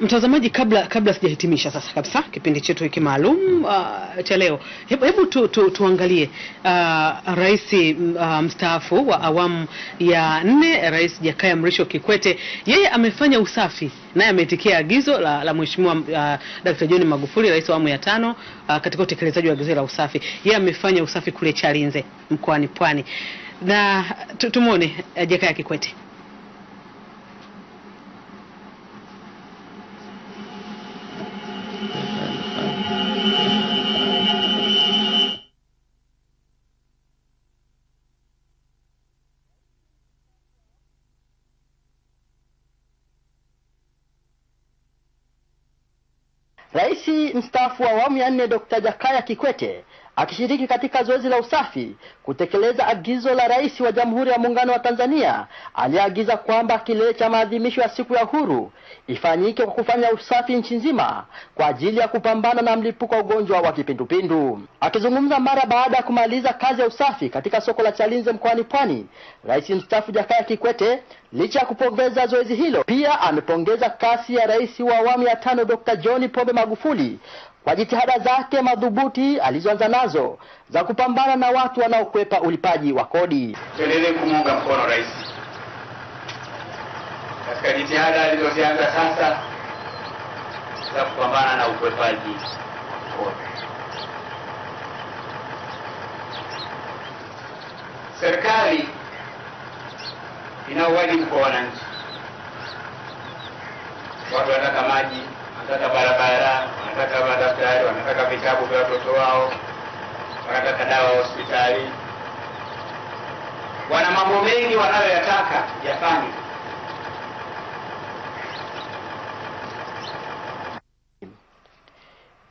Mtazamaji, kabla kabla sijahitimisha sasa kabisa kipindi chetu hiki maalum uh, cha leo, hebu, hebu tu, tu, tuangalie uh, rais uh, mstaafu wa awamu ya nne Rais Jakaya Mrisho Kikwete, yeye amefanya usafi naye ameitikia agizo la, la mheshimiwa uh, Dkt. John Magufuli rais wa awamu ya tano uh, katika utekelezaji wa agizo la usafi. Yeye amefanya usafi kule Chalinze mkoani Pwani na tumwone uh, Jakaya Kikwete. Rais mstaafu wa awamu ya nne Dr. Jakaya Kikwete akishiriki katika zoezi la usafi kutekeleza agizo la Rais wa Jamhuri ya Muungano wa Tanzania aliyeagiza kwamba kilele cha maadhimisho ya Siku ya Uhuru ifanyike kwa kufanya usafi nchi nzima kwa ajili ya kupambana na mlipuko wa ugonjwa wa kipindupindu. Akizungumza mara baada ya kumaliza kazi ya usafi katika soko la Chalinze mkoani Pwani, Rais mstaafu Jakaya Kikwete licha ya kupongeza zoezi hilo, pia amepongeza kasi ya Rais wa awamu ya tano Dr. John Pombe Magufuli kwa jitihada zake madhubuti alizoanza nazo za kupambana na watu wanaokwepa ulipaji wa kodi. Tuendelee kumuunga mkono rais katika jitihada alizozianza sasa za kupambana na ukwepaji wa kodi. Serikali ina uwajibu kwa wananchi. Watu wanataka maji, wanataka barabara wanataka madaftari, wanataka vitabu vya watoto wao, wanataka dawa hospitali, wana mambo mengi wanayoyataka yafanye.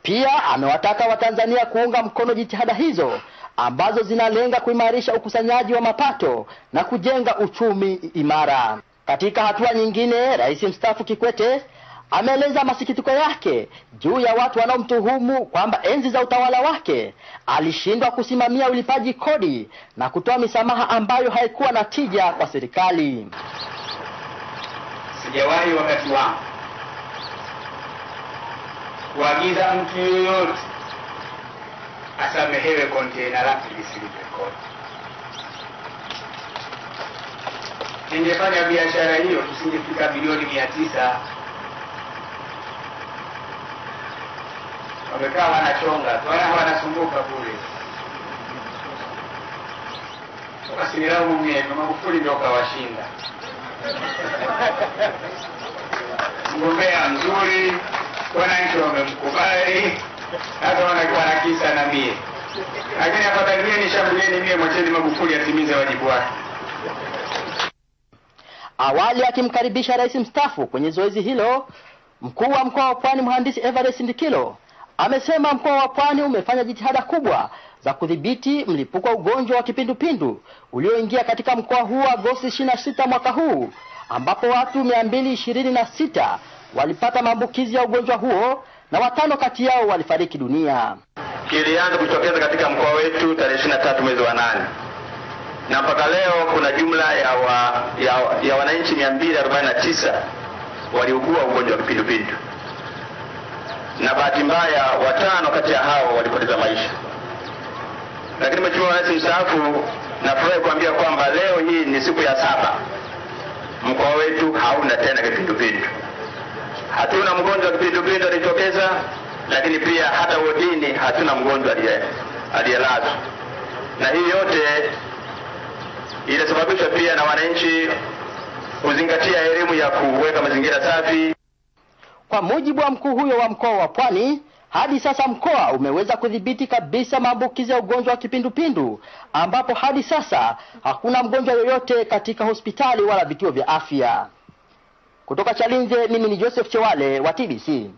Pia amewataka Watanzania kuunga mkono jitihada hizo ambazo zinalenga kuimarisha ukusanyaji wa mapato na kujenga uchumi imara. Katika hatua nyingine, Rais mstaafu Kikwete ameeleza masikitiko yake juu ya watu wanaomtuhumu kwamba enzi za utawala wake alishindwa kusimamia ulipaji kodi na kutoa misamaha ambayo haikuwa na tija kwa serikali. Sijawahi wakati wangu kuagiza mtu yoyote asamehewe kontena lake lisilipe kodi. Ningefanya biashara hiyo, tusingefika bilioni mia tisa. wamekaa wanachonga wanasumbuka kule. Ukasilirao mwenyewe Magufuli ndio kawashinda. Mgombea mzuri, wananchi wamemkubali, hata wanakuwa na kisa na mie, lakini afadhalieni, shambulieni mie, mwacheni Magufuli atimize wajibu wake. Awali akimkaribisha rais mstaafu kwenye zoezi hilo, mkuu wa mkoa wa Pwani mhandisi evarest Ndikilo Amesema mkoa wa Pwani umefanya jitihada kubwa za kudhibiti mlipuko wa ugonjwa wa kipindupindu ulioingia katika mkoa huu Agosti 26 mwaka huu ambapo watu 226 walipata maambukizi ya ugonjwa huo na watano kati yao walifariki dunia. Kilianza kujitokeza katika mkoa wetu tarehe 23 mwezi wa nane na mpaka leo kuna jumla ya, wa, ya, ya wananchi 249 waliugua ugonjwa wa kipindupindu na bahati mbaya watano kati ya hao walipoteza maisha. Lakini Mheshimiwa Rais mstaafu, nafurahi kuambia kwamba leo hii ni siku ya saba, mkoa wetu hauna tena kipindupindu. Hatuna mgonjwa wa kipindupindu alitokeza, lakini pia hata wodini hatuna mgonjwa aliyelazwa, na hii yote inasababishwa pia na wananchi kuzingatia elimu ya kuweka mazingira safi. Kwa mujibu wa mkuu huyo wa mkoa wa Pwani, hadi sasa mkoa umeweza kudhibiti kabisa maambukizi ya ugonjwa wa kipindupindu ambapo hadi sasa hakuna mgonjwa yoyote katika hospitali wala vituo vya afya. Kutoka Chalinze, mimi ni Joseph Chewale wa TBC.